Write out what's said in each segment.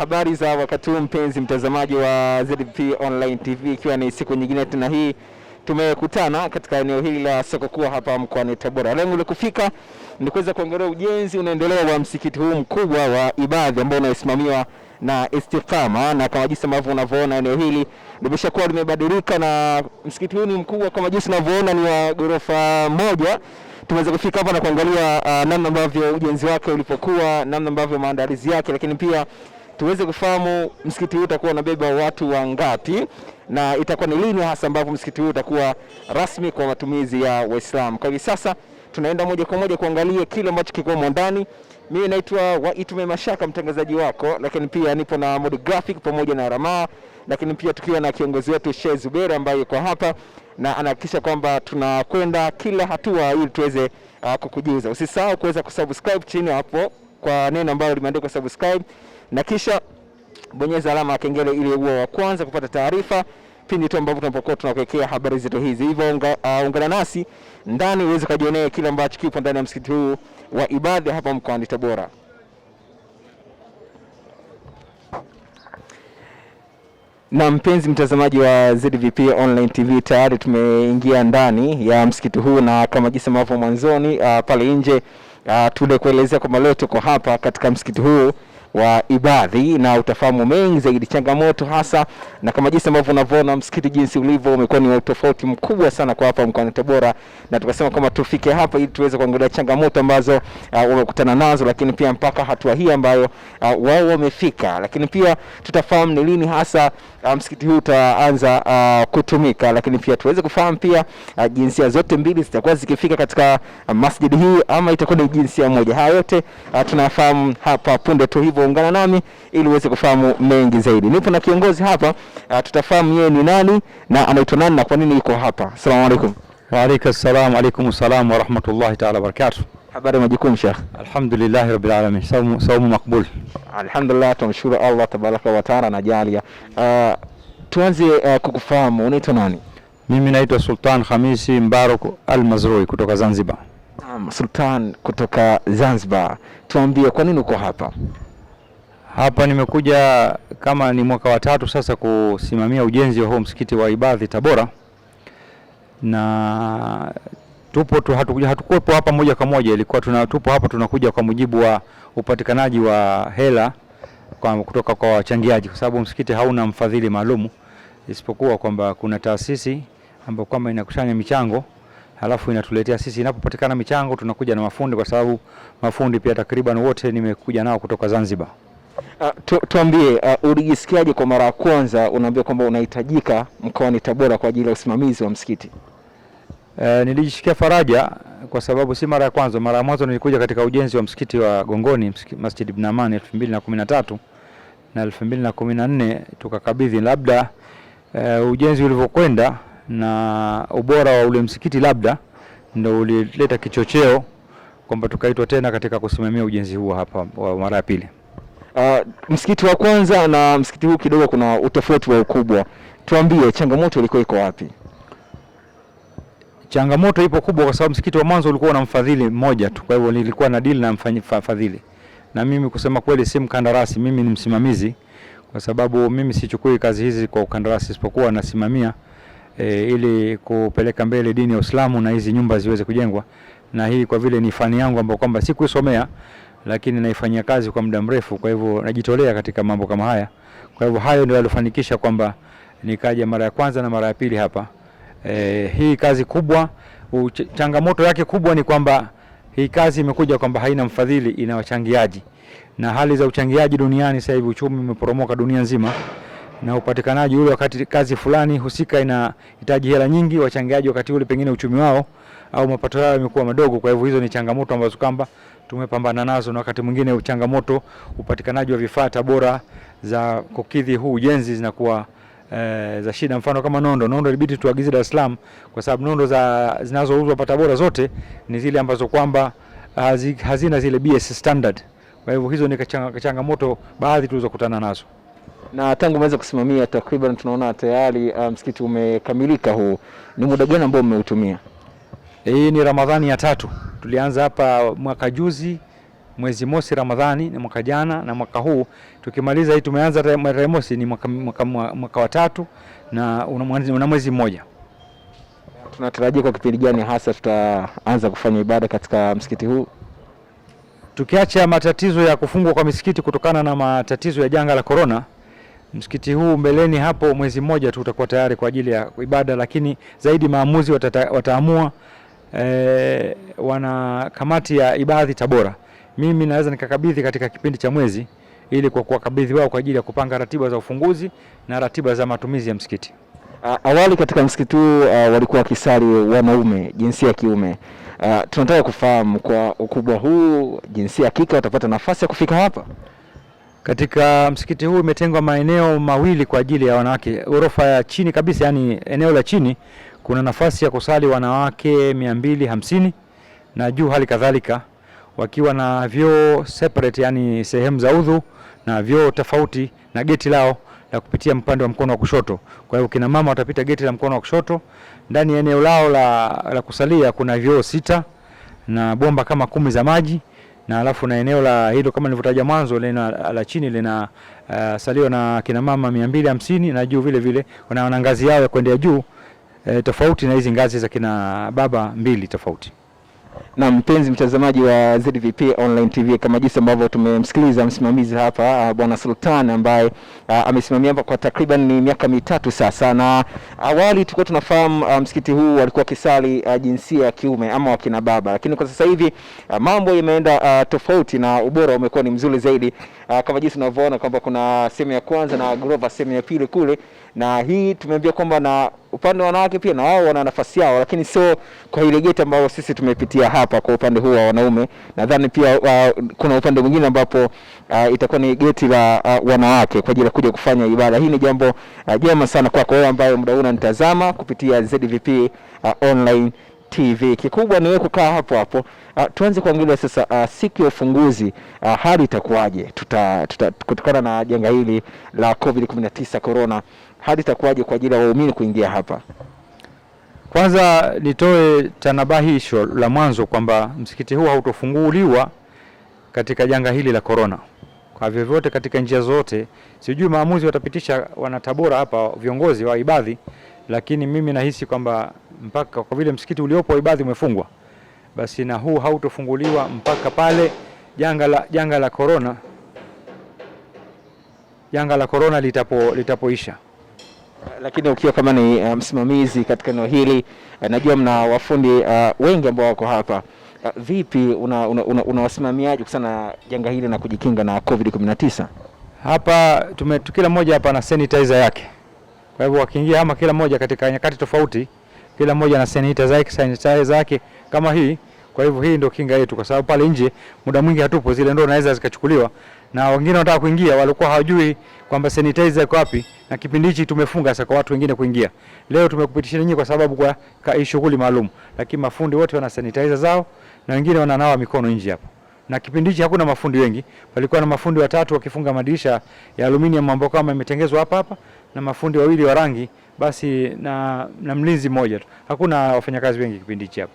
Habari za wakati huu mpenzi mtazamaji wa ZP Online TV, ikiwa ni siku nyingine tena hii tumekutana katika eneo hili la soko kuu hapa mkoani Tabora. Lengo la kufika ni kuweza kuangalia ujenzi unaendelea wa msikiti huu mkubwa wa ibadhi ambao unasimamiwa na Istiqama, na kama jinsi ambavyo unavyoona eneo hili limeshakuwa limebadilika, na msikiti huu ni mkubwa kama jinsi unavyoona ni wa ghorofa moja. Tumeweza kufika hapa na kuangalia uh, namna ambavyo ujenzi wake ulipokuwa, namna ambavyo maandalizi yake, lakini pia tuweze kufahamu msikiti huu utakuwa unabeba watu wangapi na itakuwa ni lini hasa ambapo msikiti huu utakuwa rasmi kwa matumizi ya Waislamu. Kwa hivi sasa tunaenda moja kwa moja kuangalia kile ambacho kiko ndani. Mimi naitwa Waitume Mashaka, mtangazaji wako, lakini pia nipo na Mode Graphic pamoja na Ramaa, lakini pia tukiwa na kiongozi wetu Sheikh Zuberi ambaye yuko hapa na anahakikisha kwamba tunakwenda kila hatua ili tuweze uh, kukujuza. Usisahau kuweza kusubscribe chini hapo kwa neno ambalo limeandikwa subscribe na kisha bonyeza alama ya kengele ili uwe wa kwanza kupata taarifa pindi tu ambapo tunapokuwa tunakuwekea habari zetu hizi. Hivyo ungana uh, ungana nasi ndani uweze kujionea kile ambacho kipo ndani ya msikiti huu wa ibada hapa mkoani Tabora. Na mpenzi mtazamaji wa ZVP Online TV, tayari tumeingia ndani ya msikiti huu na kama jinsi ambavyo mwanzoni, uh, pale nje uh, tulikuelezea kwamba leo tuko hapa katika msikiti huu wa ibadhi na utafahamu mengi zaidi changamoto hasa, na kama jinsi ambavyo unavyoona msikiti jinsi ulivyo umekuwa ni tofauti mkubwa sana kwa hapa mkoani Tabora, na tukasema kwamba tufike hapa ili tuweze kuangalia changamoto ambazo uh, umekutana nazo, lakini pia mpaka hatua hii ambayo uh, wao wamefika, lakini pia tutafahamu ni lini hasa uh, msikiti huu utaanza uh, kutumika, lakini pia tuweze kufahamu pia uh, jinsia zote mbili zitakuwa zikifika katika uh, masjidi hii ama itakuwa ni jinsia moja. Haya yote uh, tunafahamu hapa punde tu hivyo ungana nami ili uweze kufahamu mengi zaidi. Nipo na kiongozi hapa, ah, tutafahamu yeye ni nani na anaitwa nani na kwa nini yuko hapa. Asalamu alaykum. Wa alaykum salaam, alaykum salaam wa rahmatullahi ta'ala wa barakatuh. Habari majukumu Sheikh. Alhamdulillah rabbil alamin. Saumu saumu makbul. Alhamdulillah, tunashukuru Allah tabaraka wa taala na jalia. Uh, tuanze uh, kukufahamu unaitwa nani? Mimi naitwa Sultan Khamisi Mbaruk Al-Mazrui kutoka Zanzibar. Naam, Sultan kutoka Zanzibar. Tuambie kwa nini uko hapa? Hapa nimekuja kama ni mwaka wa tatu sasa kusimamia ujenzi wa huu msikiti wa Ibadhi Tabora, na tupo tu, hatukuwepo hapa moja kwa moja, ilikuwa tuna, tupo hapa tunakuja kwa mujibu wa upatikanaji wa hela kwa, kutoka kwa wachangiaji, kwa sababu msikiti hauna mfadhili maalum isipokuwa kwamba kuna taasisi ambayo kwamba inakusanya michango halafu inatuletea sisi. Inapopatikana michango, tunakuja na mafundi, kwa sababu mafundi pia takriban wote nimekuja nao kutoka Zanzibar. Uh, tu, tuambie uh, ulijisikiaje kwa mara ya kwanza unaambia kwamba unahitajika mkoani Tabora kwa ajili ya usimamizi wa msikiti? Uh, nilijisikia faraja kwa sababu si mara ya kwanza. Mara ya mwanzo nilikuja katika ujenzi wa msikiti wa Gongoni, Masjid Ibn Amani 2013 na 2014 tukakabidhi. Labda uh, ujenzi ulivyokwenda na ubora wa ule msikiti labda ndio ulileta kichocheo kwamba tukaitwa tena katika kusimamia ujenzi huo hapa wa mara ya pili. Uh, msikiti wa kwanza na msikiti huu kidogo kuna utofauti wa ukubwa. Tuambie changamoto ilikuwa iko wapi? Changamoto ipo kubwa kwa sababu msikiti wa mwanzo ulikuwa na mfadhili mmoja tu, kwa hivyo nilikuwa na deal na mfadhili, na mimi kusema kweli si mkandarasi, mimi ni msimamizi, kwa sababu mimi sichukui kazi hizi kwa ukandarasi, isipokuwa nasimamia e, ili kupeleka mbele dini ya Uislamu na hizi nyumba ziweze kujengwa, na hii kwa vile ni fani yangu ambayo kwamba sikusomea lakini naifanyia kazi kwa muda mrefu, kwa hivyo najitolea katika mambo kama haya. Kwa hivyo hayo ndio yalofanikisha kwamba nikaja mara ya kwanza na mara ya pili hapa. E, hii kazi kubwa, changamoto yake kubwa ni kwamba hii kazi imekuja kwamba haina mfadhili, ina wachangiaji, na hali za uchangiaji duniani sasa hivi, uchumi umeporomoka dunia nzima, na upatikanaji ule, wakati kazi fulani husika inahitaji hela nyingi, wachangiaji wakati ule pengine uchumi wao au mapato yao yamekuwa madogo. Kwa hivyo hizo ni changamoto ambazo kwamba tumepambana nazo, na wakati mwingine changamoto upatikanaji wa vifaa Tabora za kukidhi huu ujenzi zinakuwa e, za shida. Mfano kama nondo, nondo ilibidi tuagize Dar es Salaam kwa sababu nondo za zinazouzwa hapa Tabora zote ni zile ambazo kwamba hazina zile BS standard. Kwa hivyo hizo ni changamoto baadhi tulizokutana nazo na tangu umeweza kusimamia takriban tunaona tayari ah, msikiti um, umekamilika. Huu ni muda gani ambao mmeutumia? Hii ni Ramadhani ya tatu. Tulianza hapa mwaka juzi mwezi mosi Ramadhani na mwaka jana na mwaka huu tukimaliza hii tumeanza tarehe mosi ni mwaka, mwaka, mwaka wa tatu na una mwezi mmoja. Tunatarajia kwa kipindi gani hasa tutaanza kufanya ibada katika msikiti huu? Tukiacha matatizo ya kufungwa kwa misikiti kutokana na matatizo ya janga la korona, msikiti huu mbeleni hapo mwezi mmoja tu utakuwa tayari kwa ajili ya ibada, lakini zaidi maamuzi watata, wataamua eh, wana kamati ya ibadhi Tabora, mimi naweza nikakabidhi katika kipindi cha mwezi ili kwa kuwakabidhi wao kwa ajili ya kupanga ratiba za ufunguzi na ratiba za matumizi ya msikiti. Awali katika msikiti huu uh, walikuwa wakisali wanaume jinsia ya kiume. Uh, tunataka kufahamu kwa ukubwa huu jinsia ya kike watapata nafasi ya kufika hapa. Katika msikiti huu imetengwa maeneo mawili kwa ajili ya wanawake, ghorofa ya chini kabisa, yani eneo la chini kuna nafasi ya kusali wanawake 250 na juu, hali kadhalika wakiwa na vyoo separate, yani sehemu za udhu na vyoo tofauti na geti lao la kupitia mpande wa mkono wa kushoto. Kwa hiyo kina mama watapita geti la mkono wa kushoto. Ndani ya eneo lao la, la kusalia kuna vyoo sita na bomba kama kumi za maji na alafu na eneo la hilo kama nilivyotaja mwanzo lina la chini lina uh, salio na kina mama 250 na juu vile vile kuna ngazi yao ya kwenda juu e, tofauti na hizi ngazi za kina baba mbili tofauti. Na mpenzi mtazamaji wa ZVP Online TV, kama jinsi ambavyo tumemsikiliza msimamizi hapa ah, Bwana Sultan ambaye ah, amesimamia hapa kwa takriban ni miaka mitatu sasa, na awali tulikuwa tunafahamu ah, msikiti huu walikuwa kisali a, jinsia ya kiume ama wakina baba, lakini kwa sasa hivi mambo yameenda tofauti na ubora umekuwa ni mzuri zaidi, kama jinsi unavyoona kwamba kuna sehemu ya kwanza na Grover sehemu ya pili kule na hii tumeambia kwamba na upande wa wanawake pia na wao wana nafasi yao, lakini sio kwa ile geti ambayo sisi tumepitia hapa kwa upande huu wa wanaume. Nadhani pia uh, kuna upande mwingine ambapo uh, itakuwa ni geti la uh, wanawake kwa ajili ya kuja kufanya ibada. Hii ni jambo uh, jema sana kwako wewe ambaye muda huu unanitazama kupitia ZVP uh, online TV. Kikubwa ni wewe kukaa hapo hapo. Uh, tuanze kuangalia sasa uh, siku ya ufunguzi uh, hali itakuwaje? Tuta, tuta kutokana na janga hili la COVID-19 corona hali itakuwaje kwa ajili ya waumini kuingia hapa? Kwanza nitoe tanabahisho la mwanzo kwamba msikiti huu hautofunguliwa katika janga hili la korona kwa vyovyote, katika njia zote. Sijui maamuzi watapitisha wanatabora hapa viongozi wa ibadhi, lakini mimi nahisi kwamba mpaka kwa vile msikiti uliopo wa ibadhi umefungwa, basi na huu hautofunguliwa mpaka pale janga la janga la korona janga la korona litapo litapoisha. Lakini ukiwa kama ni uh, msimamizi katika eneo hili uh, najua mna wafundi uh, wengi ambao wako hapa uh, vipi unawasimamiaje una, una kusana janga hili na kujikinga na COVID 19? Hapa kila mmoja hapa na sanitizer yake, kwa hivyo wakiingia ama kila mmoja katika nyakati tofauti, kila mmoja na sanitizer yake, sanitizer kama hii. Kwa hivyo hii ndio kinga yetu, kwa sababu pale nje muda mwingi hatupo, zile ndoo naweza zikachukuliwa na wengine wanataka kuingia walikuwa hawajui kwamba sanitizer iko wapi, na kipindi hichi tumefunga sasa kwa watu wengine kuingia. Leo tumekupitisha nyinyi kwa sababu kwa shughuli maalum, lakini mafundi wote wana sanitizer zao na wengine wananawa mikono nje hapo. Na kipindi hichi hakuna mafundi wengi, palikuwa na mafundi watatu wakifunga madirisha ya aluminium ambayo kama imetengenezwa hapa hapa na mafundi wawili wa rangi basi na, na mlinzi mmoja tu. Hakuna wafanyakazi wengi kipindi hichi hapo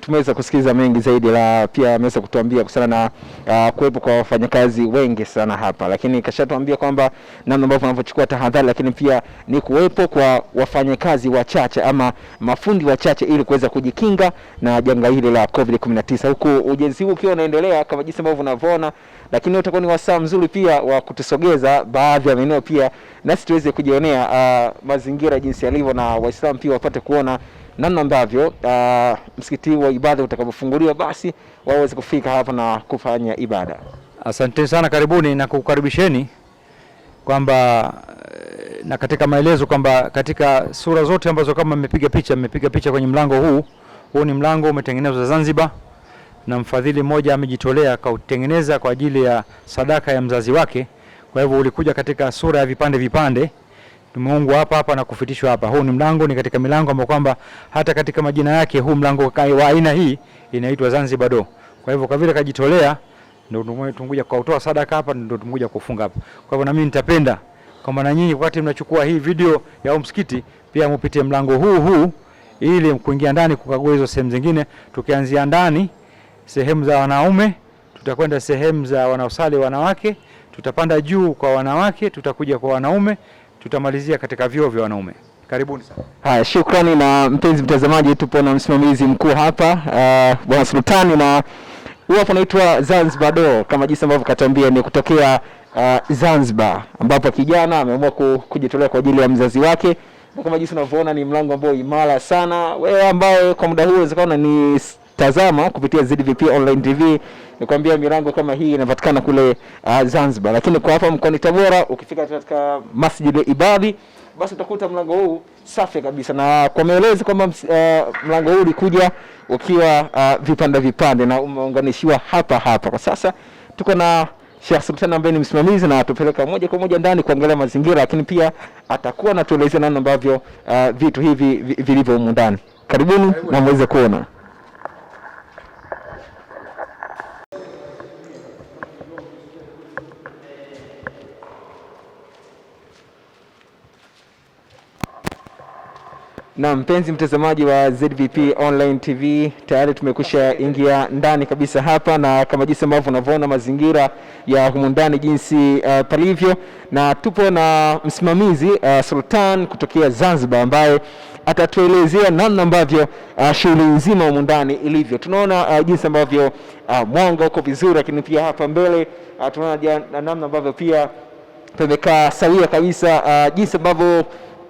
tumeweza kusikiliza mengi zaidi, la pia ameweza kutuambia kuhusiana na uh, kuwepo kwa wafanyakazi wengi sana hapa, lakini kashatuambia kwamba namna ambavyo wanavyochukua tahadhari, lakini pia ni kuwepo kwa wafanyakazi wachache ama mafundi wachache ili kuweza kujikinga na janga hili la COVID 19 huku ujenzi huu ukiwa unaendelea kama jinsi ambavyo unavyoona, lakini utakuwa ni wasaa mzuri pia wa kutusogeza baadhi ya maeneo pia nasi tuweze kujionea uh, mazingira jinsi yalivyo na Waislamu pia wapate kuona namna ambavyo uh, msikiti wa ibada utakapofunguliwa basi waweze kufika hapa na kufanya ibada. Asante sana, karibuni na kukaribisheni kwamba eh, na katika maelezo kwamba katika sura zote ambazo kama mmepiga picha mmepiga picha kwenye mlango huu, huu ni mlango umetengenezwa Zanzibar na mfadhili mmoja amejitolea kautengeneza kwa ajili ya sadaka ya mzazi wake. Kwa hivyo ulikuja katika sura ya vipande vipande tumeungwa hapa hapa na kufitishwa hapa. Huu ni mlango, ni katika milango ambayo kwamba hata katika majina yake huu mlango wa aina hii inaitwa Zanzibar Door. Kwa hivyo kwa vile kajitolea, ndio tumekuja kutoa sadaka hapa, ndio tumekuja kufunga hapa. Kwa hivyo na mimi nitapenda kama na nyinyi wakati mnachukua hii video ya msikiti pia mupitie mlango huu huu ili kuingia ndani kukagua hizo sehemu zingine. Tukianzia ndani sehemu za wanaume, tutakwenda sehemu za wanaosali wanawake, tutapanda juu kwa wanawake, tutakuja kwa wanaume tutamalizia katika vyuo vya wanaume. Karibuni sana. Haya, shukrani na mpenzi mtazamaji, tupo na msimamizi mkuu hapa uh, Bwana Sultani na huyu hapa anaitwa Zanzibar Door kama jinsi ambavyo katambia ni kutokea uh, Zanzibar ambapo kijana ameamua kujitolea kwa ajili ya mzazi wake na kama jinsi unavyoona ni mlango ambao imara sana, wewe ambaye kwa muda huu inawezekana ni kututazama kupitia ZVP Online TV. Nikwambia milango kama hii inapatikana kule uh, Zanzibar, lakini kwa hapa mkoani Tabora ukifika katika Masjid Ibadi basi utakuta mlango huu safi kabisa, na kwa maelezo kwamba uh, mlango huu ulikuja ukiwa uh, vipande vipande na umeunganishiwa hapa hapa. Kwa sasa tuko na Sheikh Sultan ambaye ni msimamizi na atupeleka moja kwa moja ndani kuangalia mazingira, lakini pia atakuwa anatuelezea namna ambavyo uh, vitu hivi vilivyo humu ndani. Karibuni na mweze kuona. Na mpenzi mtazamaji wa ZVP Online TV, tayari tumekusha ingia ndani kabisa hapa, na kama jinsi ambavyo unavyoona mazingira ya humu ndani jinsi uh, palivyo, na tupo na msimamizi uh, Sultan kutokea Zanzibar ambaye atatuelezea namna ambavyo uh, shughuli nzima humu ndani ilivyo. Tunaona uh, jinsi ambavyo uh, mwanga uko vizuri, lakini pia hapa mbele uh, tunaona namna ambavyo pia pamekaa sawia kabisa uh, jinsi ambavyo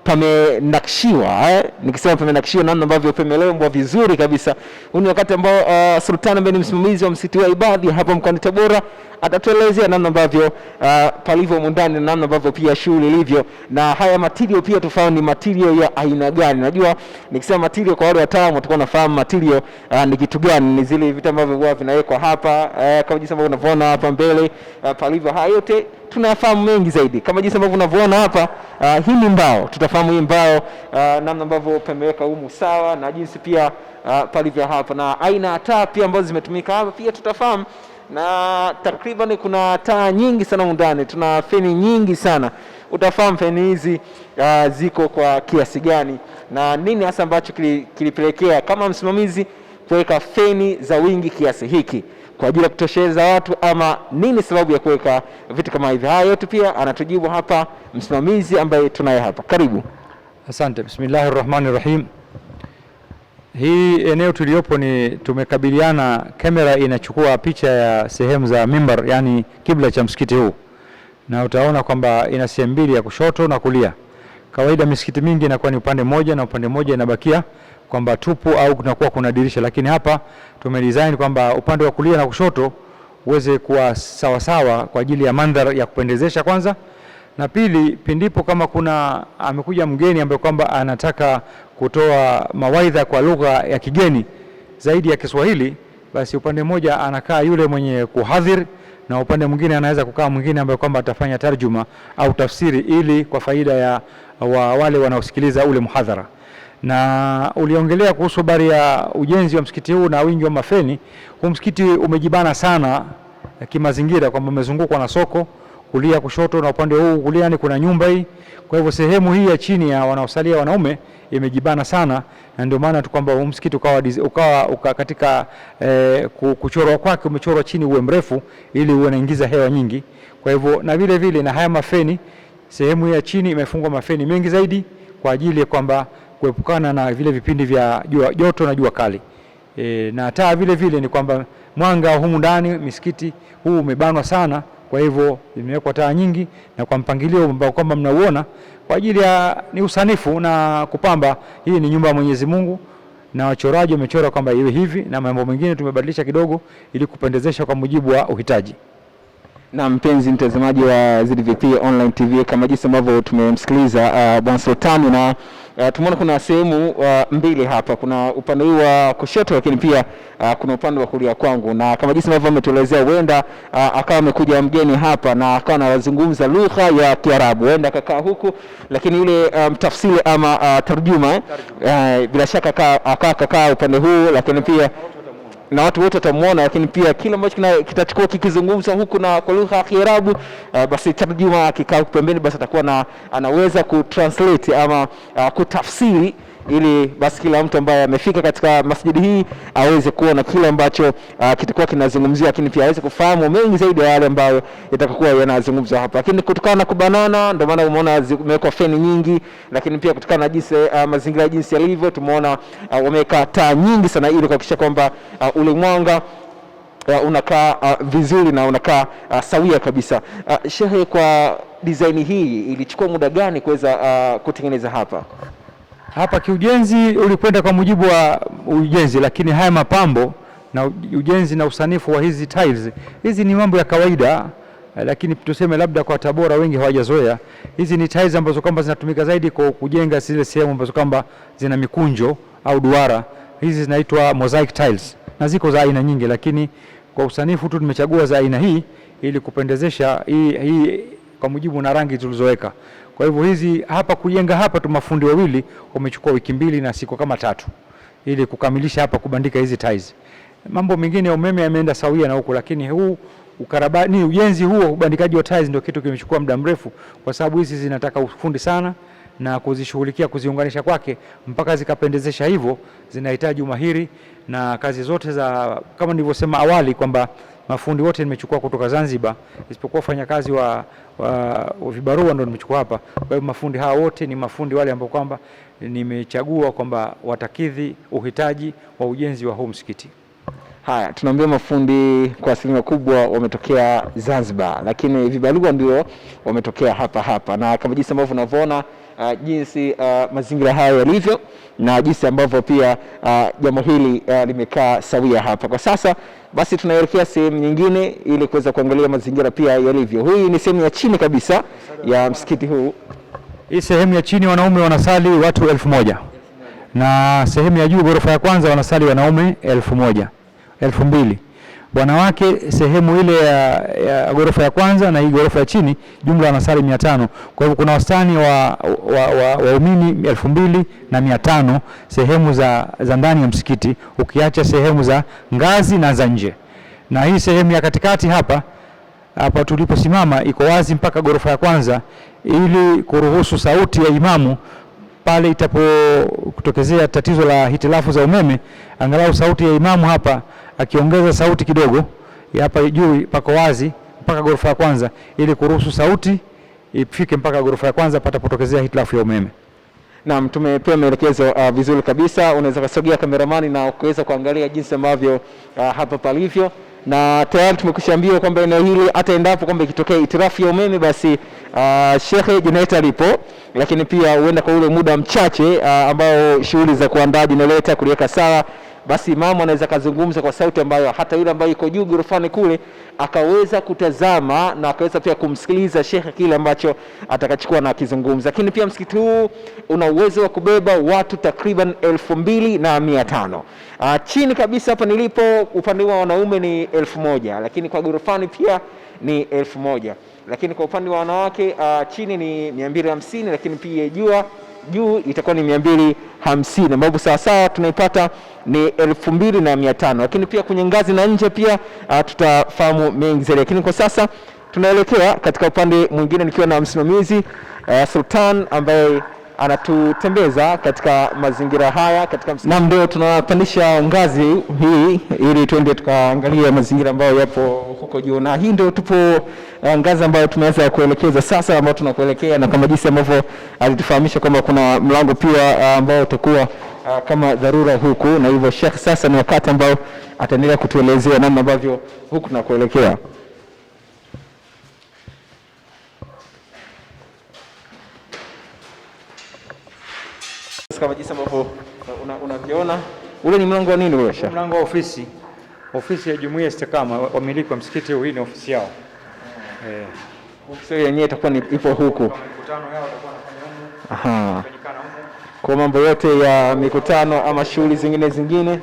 pamenakshiwa eh? Nikisema pamenakshiwa namna ambavyo pamelembwa vizuri kabisa. Huu ni wakati ambao uh, Sultan ambaye ni msimamizi wa msitu wa Ibadhi hapa mkoani Tabora atatuelezea namna ambavyo uh, palivyo mundani na namna ambavyo pia shughuli ilivyo, na haya material pia tufahamu ni material ya aina gani. Najua nikisema material kwa wale wataalamu watakuwa nafahamu material uh, ni kitu gani, ni zile vitu ambavyo huwa vinawekwa hapa uh, kama jinsi ambavyo unavyoona hapa mbele uh, palivyo. Haya yote tunafahamu mengi zaidi, kama jinsi ambavyo unavyoona hapa uh, hii ni mbao, tutafahamu hii mbao uh, namna ambavyo pameweka humu sawa na jinsi pia uh, palivyo hapa na aina ya taa pia ambazo zimetumika hapa pia tutafahamu na takriban kuna taa nyingi sana undani, tuna feni nyingi sana utafahamu feni hizi uh, ziko kwa kiasi gani na nini hasa ambacho kilipelekea kama msimamizi kuweka feni za wingi kiasi hiki kwa ajili ya kutosheleza watu ama nini sababu ya kuweka vitu kama hivi. Haya yote pia anatujibu hapa msimamizi ambaye tunaye hapa. Karibu. Asante. Bismillahir Rahmanir Rahim. Hii eneo tuliyopo ni tumekabiliana, kamera inachukua picha ya sehemu za mimbar, yani kibla cha msikiti huu, na utaona kwamba ina sehemu mbili ya kushoto na kulia. Kawaida misikiti mingi inakuwa ni upande mmoja na upande mmoja inabakia kwamba tupu au kunakuwa kuna dirisha, lakini hapa tumedesign kwamba upande wa kulia na kushoto uweze kuwa sawasawa kwa ajili ya mandhari ya kupendezesha kwanza na pili, pindipo kama kuna amekuja mgeni ambaye kwamba anataka kutoa mawaidha kwa lugha ya kigeni zaidi ya Kiswahili, basi upande mmoja anakaa yule mwenye kuhadhir na upande mwingine anaweza kukaa mwingine ambaye kwamba atafanya tarjuma au tafsiri, ili kwa faida ya wa wale wanaosikiliza ule muhadhara. Na uliongelea kuhusu habari ya ujenzi wa msikiti huu na wingi wa mafeni. Huu msikiti umejibana sana kimazingira, kwamba umezungukwa na soko kulia kushoto na upande huu kulia ni kuna nyumba hii. Kwa hivyo sehemu hii ya chini ya wanaosalia wanaume imejibana sana, na ndio maana tu kwamba msikiti ukawa, ukawa, uka katika eh, kuchorwa kwake umechorwa chini uwe mrefu ili uwe naingiza hewa nyingi. Kwa hivyo na vile vile na haya mafeni, sehemu hii ya chini imefungwa mafeni mengi zaidi kwa ajili ya kwamba kuepukana na vile vipindi vya jua, joto na jua kali. E, na taa vile vile ni kwamba mwanga humu ndani misikiti huu umebanwa sana. Kwa hivyo imewekwa taa nyingi na kwa mpangilio ambao kwamba mnauona kwa ajili ya ni usanifu na kupamba. Hii ni nyumba ya Mwenyezi Mungu na wachoraji wamechora kwamba iwe hivi na mambo mengine tumebadilisha kidogo ili kupendezesha kwa mujibu wa uhitaji. Na mpenzi mtazamaji wa ZVP Online TV, kama jinsi ambavyo tumemsikiliza uh, Bwana Sultani na Uh, tumeona kuna sehemu uh, mbili hapa, kuna upande huu wa kushoto, lakini pia uh, kuna upande wa kulia kwangu, na kama jinsi ambavyo ametuelezea, huenda uh, akawa amekuja mgeni hapa na akawa anazungumza lugha ya Kiarabu, huenda akakaa huku, lakini yule mtafsiri um, ama uh, tarjuma eh, uh, bila shaka akakaa upande huu, lakini pia na watu wote watamwona, lakini pia kile ambacho kitachukua kikizungumza huku na kwa lugha ya Kiarabu uh, basi tarjuma Juma akikaa pembeni, basi atakuwa na anaweza kutranslate ama uh, kutafsiri ili basi kila mtu ambaye amefika katika masjidi hii aweze kuona kile ambacho uh, kitakuwa kinazungumziwa, lakini pia aweze kufahamu mengi zaidi ya yale ambayo yatakuwa yanazungumzwa hapa. Lakini kutokana na kubanana, ndio maana umeona zimewekwa feni nyingi, lakini pia kutokana na jinsi uh, mazingira jinsi yalivyo, tumeona uh, wameweka taa nyingi sana ili kuhakikisha kwamba ule mwanga Uh, unakaa uh, vizuri na unakaa uh, sawia kabisa. Uh, shehe, kwa design hii ilichukua muda gani kuweza uh, kutengeneza hapa? Hapa kiujenzi ulikwenda kwa mujibu wa ujenzi, lakini haya mapambo na ujenzi na usanifu wa hizi tiles hizi ni mambo ya kawaida, lakini tuseme labda kwa Tabora wengi hawajazoea. Hizi ni tiles ambazo kwamba zinatumika zaidi kwa kujenga zile sehemu ambazo kwamba zina mikunjo au duara. Hizi zinaitwa mosaic tiles na ziko za aina nyingi, lakini kwa usanifu tu tumechagua za aina hii ili kupendezesha hii, hii kwa mujibu na rangi tulizoweka. Kwa hivyo hizi hapa kujenga hapa tu mafundi wawili wamechukua wiki mbili na siku kama tatu ili kukamilisha hapa kubandika hizi ties. Mambo mengine ya umeme yameenda sawia na huko, lakini huu ukarabati, ujenzi huo, ubandikaji wa tiles ndio kitu kimechukua muda mrefu, kwa sababu hizi zinataka ufundi sana na kuzishughulikia, kuziunganisha kwake mpaka zikapendezesha, hivyo zinahitaji umahiri na kazi zote za kama nilivyosema awali kwamba mafundi wote nimechukua kutoka Zanzibar, isipokuwa wafanyakazi wa, wa, wa vibarua ndo nimechukua hapa. Kwa hiyo mafundi hawa wote ni mafundi wale ambao kwamba nimechagua kwamba watakidhi uhitaji wa ujenzi wa huu msikiti. Haya, tunaambia mafundi kwa asilimia kubwa wametokea Zanzibar, lakini vibarua ndio wametokea hapa hapa, na kama jinsi ambavyo unavyoona uh, jinsi uh, mazingira hayo yalivyo na jinsi ambavyo pia ah, jambo uh, hili uh, limekaa sawia hapa kwa sasa. Basi tunaelekea sehemu nyingine ili kuweza kuangalia mazingira pia yalivyo. Hii ni sehemu ya chini kabisa ya msikiti huu. Hii sehemu ya chini wanaume wanasali watu elfu moja na sehemu ya juu ghorofa ya kwanza wanasali wanaume elfu moja elfu mbili bwana wake sehemu ile ya, ya ghorofa ya kwanza na hii ghorofa ya chini, jumla ya nasari mia tano. Kwa hivyo kuna wastani wa waumini wa, wa elfu mbili na mia tano sehemu za, za ndani ya msikiti ukiacha sehemu za ngazi na za nje, na hii sehemu ya katikati hapa hapa tuliposimama iko wazi mpaka ghorofa ya kwanza ili kuruhusu sauti ya imamu pale itapotokezea tatizo la hitilafu za umeme, angalau sauti ya imamu hapa akiongeza sauti kidogo hapa juu, pako wazi mpaka ghorofa ya kwanza, ili kuruhusu sauti ifike mpaka ghorofa ya kwanza patapotokezea hitilafu ya umeme. Naam, tumepewa maelekezo uh, vizuri kabisa. Unaweza kusogea kameramani na kuweza kuangalia jinsi ambavyo uh, hapa palivyo, na tayari tumekushambia kwamba eneo hili hata endapo kwamba ikitokea hitilafu ya umeme basi uh, shehe jenereta lipo, lakini pia huenda kwa ule muda mchache uh, ambao shughuli za kuandaa jenereta kuliweka sawa basi imamu anaweza akazungumza kwa sauti ambayo hata yule ambaye yuko juu ghorofani kule akaweza kutazama na akaweza pia kumsikiliza shekhe kile ambacho atakachukua na akizungumza. Lakini pia msikiti huu una uwezo wa kubeba watu takriban elfu mbili na mia tano. Ah, chini kabisa hapa nilipo upande wa wanaume ni elfu moja lakini kwa ghorofani pia ni elfu moja lakini kwa upande wa wanawake ah, chini ni 250 lakini pia jua juu itakuwa ni mia mbili hamsini ambapo sawasawa tunaipata ni elfu mbili na mia tano lakini pia kwenye ngazi na nje pia uh, tutafahamu mengi zaidi, lakini kwa sasa tunaelekea katika upande mwingine nikiwa na msimamizi uh, Sultan ambaye anatutembeza katika mazingira haya katika na ndio tunapandisha ngazi hii ili tuende tukaangalia mazingira ambayo yapo huko juu, na hii ndio tupo uh, ngazi ambayo tumeweza kuelekeza sasa, ambayo tunakuelekea na kama jinsi ambavyo alitufahamisha kwamba kuna mlango pia uh, ambao utakuwa uh, kama dharura huku, na hivyo Sheikh, sasa ni wakati ambao ataendelea kutuelezea namna ambavyo huku tunakuelekea. Kama jinsi ambavyo unaviona, una ule ni mlango wa nini ule Sheikh? Mlango wa ofisi. Ofisi ya Jumuiya Istikama, wamiliki wa msikiti huu, hii ni ofisi yao. Eh, ofisi yenyewe itakuwa ipo huku. Aha. Kwa mambo yote ya mikutano ama shughuli zingine zingine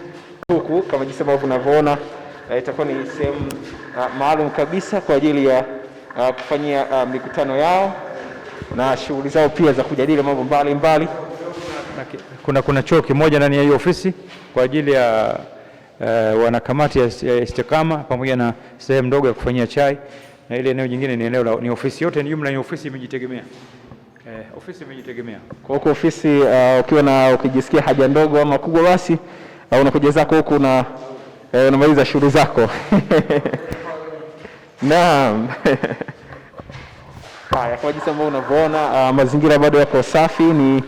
huku kama jinsi ambavyo unavyoona eh, itakuwa ni sehemu ah, maalum kabisa kwa ajili ya uh, kufanyia uh, mikutano yao na shughuli zao pia za kujadili mambo mbalimbali. Kuna, kuna choo kimoja ndani ya hiyo ofisi kwa ajili ya uh, eh, wana kamati ya Istikama pamoja na sehemu ndogo ya kufanyia chai, na ile eneo jingine ni eneo la ni ofisi. Yote ni jumla, ni ofisi imejitegemea. Eh, ofisi imejitegemea. Kwa huko ofisi uh, ukiwa na ukijisikia haja ndogo ama kubwa, basi uh, unakuja zako huku na uh, unamaliza shughuli zako naam. Haya, kwa jinsi ambavyo unavyoona, uh, mazingira bado yako safi. Ni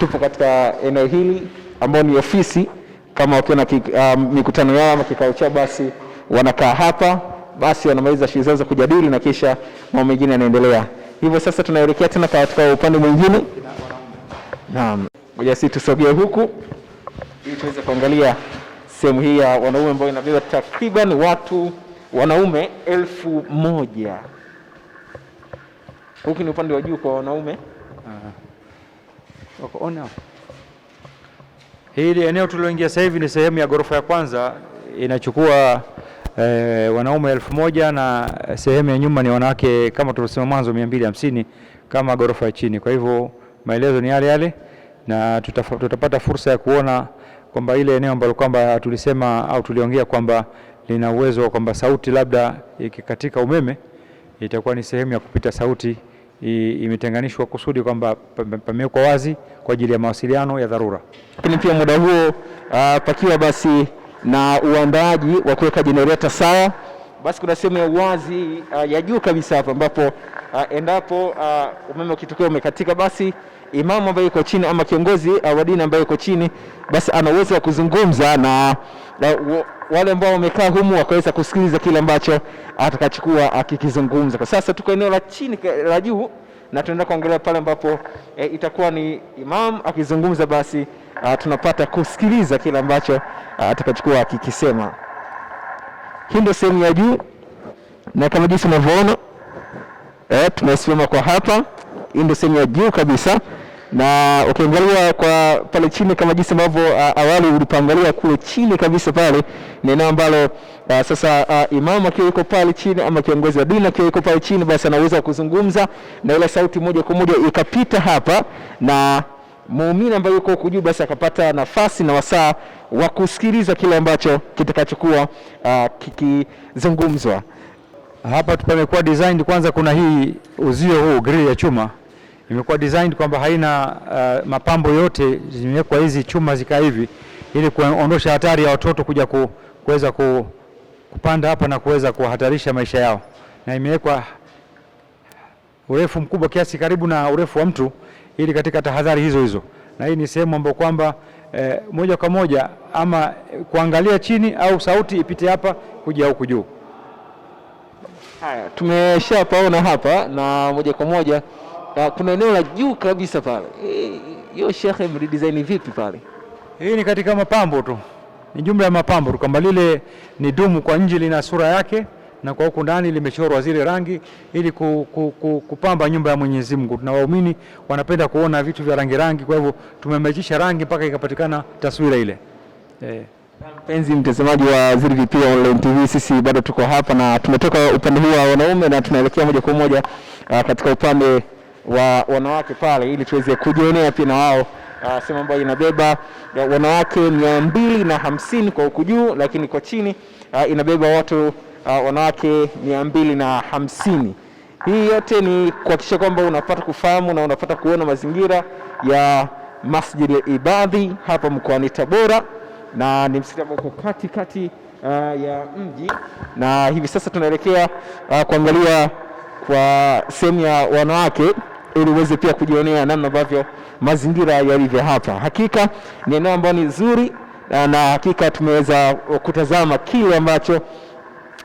tupo katika eneo hili ambao ni ofisi kama wakiwa na uh, mikutano yao ama kikao chao, basi wanakaa hapa, basi wanamaliza shughuli zao za kujadili na kisha mambo mengine yanaendelea hivyo. Sasa tunaelekea tena katika upande mwingine. Naam, ngoja sisi tusogee huku ili tuweze kuangalia sehemu hii ya wanaume ambao inabeba takriban watu wanaume elfu moja. Huku ni upande wa juu kwa wanaume uh -huh. Hili eneo tuliloingia sasa hivi ni sehemu ya ghorofa ya kwanza inachukua e, wanaume elfu moja na sehemu ya nyuma ni wanawake kama tulivyosema mwanzo 250 kama ghorofa ya chini. Kwa hivyo maelezo ni yale yale na tutaf, tutapata fursa ya kuona kwamba ile eneo ambalo kwamba tulisema au tuliongea kwamba lina uwezo kwamba sauti labda ikikatika umeme itakuwa ni sehemu ya kupita sauti imetenganishwa kusudi kwamba pamewekwa wazi kwa ajili ya mawasiliano ya dharura. Lakini pia muda huo uh, pakiwa basi na uandaaji wa kuweka jenereta sawa, basi kuna sehemu ya uwazi uh, ya juu kabisa hapa ambapo uh, endapo uh, umeme ukitokea umekatika, basi imamu ambaye yuko chini ama kiongozi uh, wa dini ambaye yuko chini, basi ana uwezo wa kuzungumza na, na wale ambao wamekaa humu wakaweza kusikiliza kile ambacho atakachukua akikizungumza. Kwa sasa tuko eneo la chini la juu na tunaenda kuangalia pale ambapo e, itakuwa ni imam akizungumza, basi a, tunapata kusikiliza kile ambacho atakachukua akikisema. Hii ndio sehemu ya juu, na kama jinsi unavyoona e, tumesimama kwa hapa. Hii ndio sehemu ya juu kabisa na ukiangalia kwa pale chini kama jinsi ambavyo uh, awali ulipoangalia kule chini kabisa pale ni eneo ambalo uh, sasa uh, imamu akiwa yuko pale chini ama kiongozi wa dini akiwa yuko pale chini, basi anaweza kuzungumza na ile sauti moja kwa moja ikapita hapa na muumini ambaye yuko huku juu basi akapata nafasi na wasaa wa kusikiliza kile ambacho kitakachokuwa uh, kikizungumzwa hapa. Pamekuwa designed kwanza, kuna hii uzio huu grill ya chuma imekuwa designed kwamba haina uh, mapambo yote, zimewekwa hizi chuma zikaa hivi ili kuondosha hatari ya watoto kuja ku, kuweza ku, kupanda hapa na kuweza kuhatarisha maisha yao, na imewekwa urefu mkubwa kiasi karibu na urefu wa mtu ili katika tahadhari hizo hizo, na hii ni sehemu ambayo kwamba eh, moja kwa moja ama kuangalia chini au sauti ipite hapa kuja huku juu. Haya, tumeshapaona hapa na moja kwa moja na kuna eneo la juu kabisa pale. Eh, hiyo shekhe, mlidesign vipi pale? Hii ni katika mapambo tu, ni jumla ya mapambo tu, kwamba lile ni dumu kwa nje, lina sura yake na kwa huku ndani limechorwa zile rangi ili ku, ku, ku, kupamba nyumba ya Mwenyezi Mungu. Tuna waumini wanapenda kuona vitu vya rangi rangi, kwa hivyo tumemejisha rangi mpaka ikapatikana taswira ile eh. Mpenzi mtazamaji wa ZVP Online TV, sisi bado tuko hapa na tumetoka upande huu wa wanaume na tunaelekea moja kwa moja ah, katika upande wa wanawake pale ili tuweze kujionea pia na wao uh, sehemu ambayo inabeba wanawake mia mbili na hamsini kwa huku juu, lakini kwa chini uh, inabeba watu uh, wanawake mia mbili na hamsini. Hii yote ni kuhakikisha kwamba unapata kufahamu na unapata kuona mazingira ya Masjid ibadhi hapa mkoani Tabora, na ni msikiti ambao uko kati kati uh, ya mji, na hivi sasa tunaelekea uh, kuangalia kwa sehemu ya wanawake ili uweze pia kujionea namna ambavyo mazingira yalivyo hapa. Hakika ni eneo ambalo ni zuri na hakika tumeweza kutazama kile ambacho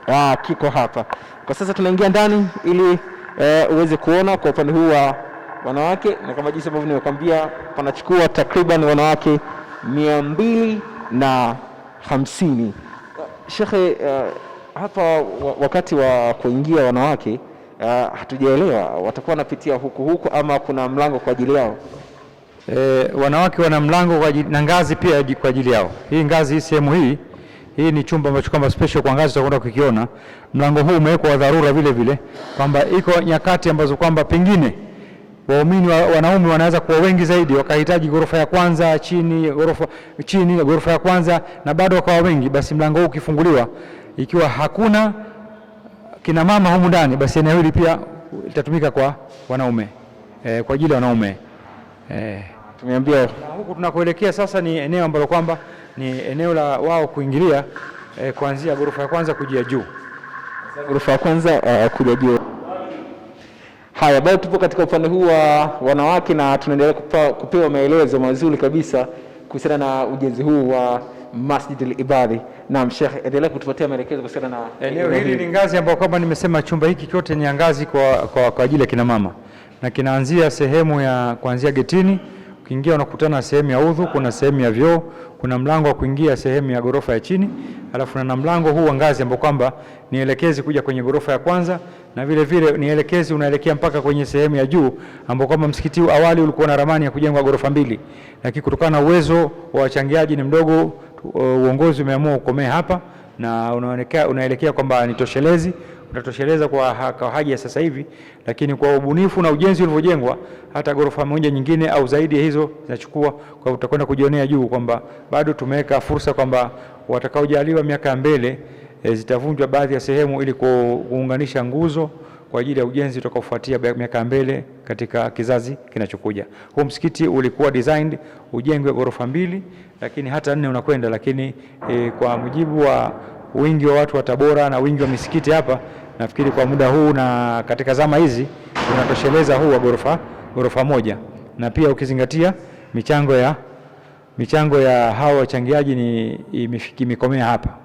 aa, ah, kiko hapa kwa sasa. Tunaingia ndani ili e, uweze kuona kwa upande huu wa wanawake, na kama jinsi ambavyo nimekwambia, panachukua takriban wanawake mia mbili na hamsini. Shekhe, uh, hapa wakati wa kuingia wanawake uh, hatujaelewa watakuwa wanapitia huku huku ama kuna mlango kwa ajili yao? E, wanawake wana mlango kwa ajili, na ngazi pia kwa ajili yao. Hii ngazi hii sehemu hii hii ni chumba ambacho kwamba special kwa ngazi tutakwenda kukiona. Mlango huu umewekwa wa dharura vile vile, kwamba iko nyakati ambazo kwamba pengine waumini wa, wanaume wanaweza kuwa wengi zaidi wakahitaji ghorofa ya kwanza chini, ghorofa chini, ghorofa ya kwanza na bado wakawa wengi, basi mlango huu ukifunguliwa, ikiwa hakuna kina mama humu ndani, basi eneo hili pia litatumika kwa wanaume e, kwa ajili ya wanaume e. Tumeambia huku tunakoelekea sasa ni eneo ambalo kwamba ni eneo la wao kuingilia e, kuanzia ghorofa ya kwanza kuja juu, ghorofa ya kwanza uh, e, kuja juu. Haya, bado tupo katika upande huu wa wanawake na tunaendelea kupewa maelezo mazuri kabisa kuhusiana na ujenzi huu wa Masjid al ibadi Na mshekhe, endelea kutupatia maelekezo kuhusiana na eneo hili. Ni ngazi ambayo kama nimesema chumba hiki chote ni ngazi kwa, kwa, kwa ajili ya kina mama na kinaanzia sehemu ya kuanzia getini ukiingia unakutana sehemu ya udhu, kuna sehemu ya vyoo, kuna mlango wa kuingia sehemu ya gorofa ya chini, alafu na mlango huu wa ngazi ambao kwamba ni elekezi kuja kwenye gorofa ya kwanza, na vile vile ni elekezi unaelekea mpaka kwenye sehemu ya juu ambao kwamba msikiti awali ulikuwa na ramani ya kujengwa gorofa mbili, lakini kutokana na uwezo wa wachangiaji ni mdogo Eh, uongozi umeamua ukomee hapa na unaelekea, unaelekea kwamba nitoshelezi utatosheleza kwa, kwa haja ya sasa hivi, lakini kwa ubunifu na ujenzi ulivyojengwa hata ghorofa moja nyingine au zaidi ya hizo zinachukua, kwa utakwenda kujionea juu kwamba bado tumeweka fursa kwamba watakaojaliwa miaka ya mbele e, zitavunjwa baadhi ya sehemu ili kuunganisha nguzo kwa ajili ya ujenzi utakaofuatia miaka ya mbele katika kizazi kinachokuja. Huu msikiti ulikuwa designed ujengwe ghorofa mbili, lakini hata nne unakwenda, lakini e, kwa mujibu wa wingi wa watu wa Tabora na wingi wa misikiti hapa, nafikiri kwa muda huu na katika zama hizi unatosheleza huu wa ghorofa ghorofa moja, na pia ukizingatia michango ya michango ya hawa wachangiaji ni imefikia mikomea hapa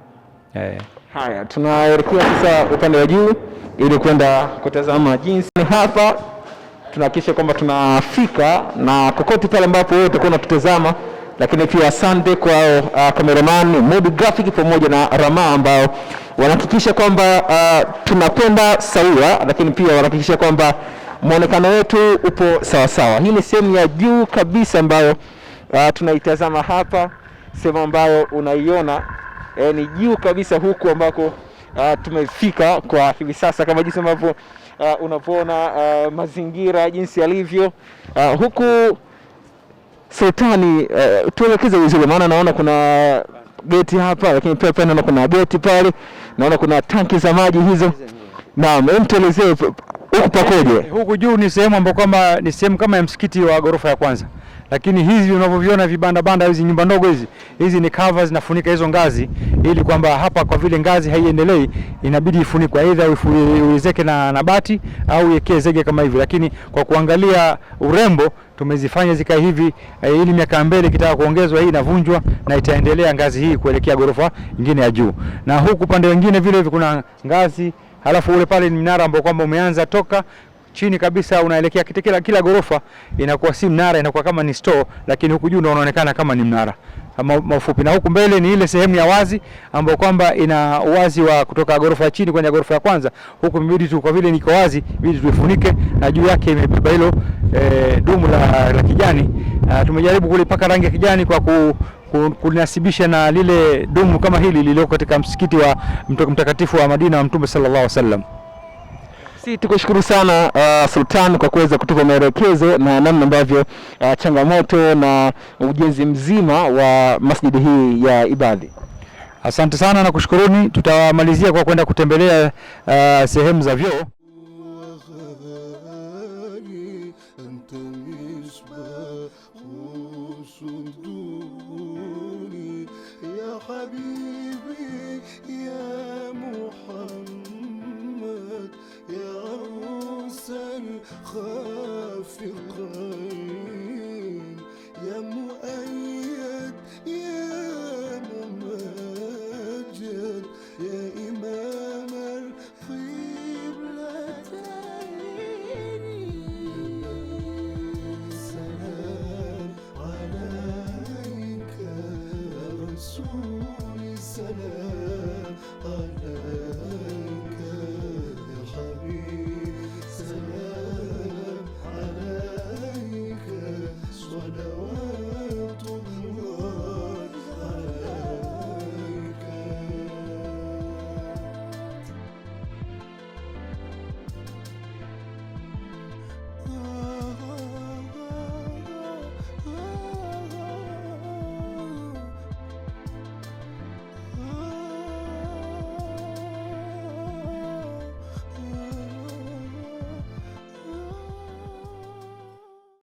eh. Haya, tunaelekea sasa upande wa juu ili kwenda kutazama jinsi hapa tunahakikisha kwamba tunafika na kokoti pale ambapo wewe utakuwa unatutazama, lakini pia asante kwa uh, cameraman Mood Graphic pamoja na Rama ambao wanahakikisha kwamba uh, tunakwenda sawa, lakini pia wanahakikisha kwamba muonekano wetu upo sawa sawa. Hii ni sehemu ya juu kabisa ambayo uh, tunaitazama hapa, sehemu ambayo unaiona e, ni juu kabisa huku ambako uh, tumefika kwa hivi sasa kama jinsi ambavyo ah, unavyoona ah, mazingira jinsi yalivyo huku. Sultani, eh, tuelekeze vizuri, maana naona kuna geti hapa, lakini pia pia naona kuna geti pale, naona kuna tanki za maji hizo. Naam, hem, tuelezee huku pakoje? Huku juu ni sehemu ambayo kwamba ni sehemu kama ya msikiti wa ghorofa ya kwanza lakini hizi unavyoviona vibanda banda hizi nyumba ndogo hizi hizi ni cover zinafunika hizo ngazi, ili kwamba hapa kwa vile ngazi haiendelei inabidi ifunikwe, aidha uwezeke na, na bati au uwekee zege kama hivi, lakini kwa kuangalia urembo tumezifanya zikae hivi eh, ili miaka ya mbele kitaka kuongezwa hii inavunjwa na itaendelea ngazi hii kuelekea ghorofa nyingine ya juu, na huku pande wengine vile hivi kuna ngazi halafu ule pale ni mnara ambao kwamba umeanza toka chini kabisa unaelekea kitekela, kila ghorofa inakuwa si mnara, inakuwa kama ni store, lakini huku juu unaonekana kama ni mnara mafupi, na huku mbele ni ile sehemu ya wazi ambayo kwamba ina uwazi wa kutoka ghorofa ya chini kwenda ghorofa ya kwanza. Huku imebidi tu, kwa vile niko wazi, bidi tuifunike na juu yake imebeba hilo e, dumu la, la kijani. A, tumejaribu kulipaka rangi ya kijani kwa ku kunasibisha na lile dumu kama hili lililoko katika msikiti wa mtakatifu wa Madina wa Mtume sallallahu alaihi wasallam. Basi tukushukuru sana uh, Sultan kwa kuweza kutupa maelekezo na namna ambavyo uh, changamoto na ujenzi mzima wa masjidi hii ya Ibadhi. Asante sana na kushukuruni. Tutamalizia kwa kwenda kutembelea uh, sehemu za vyoo.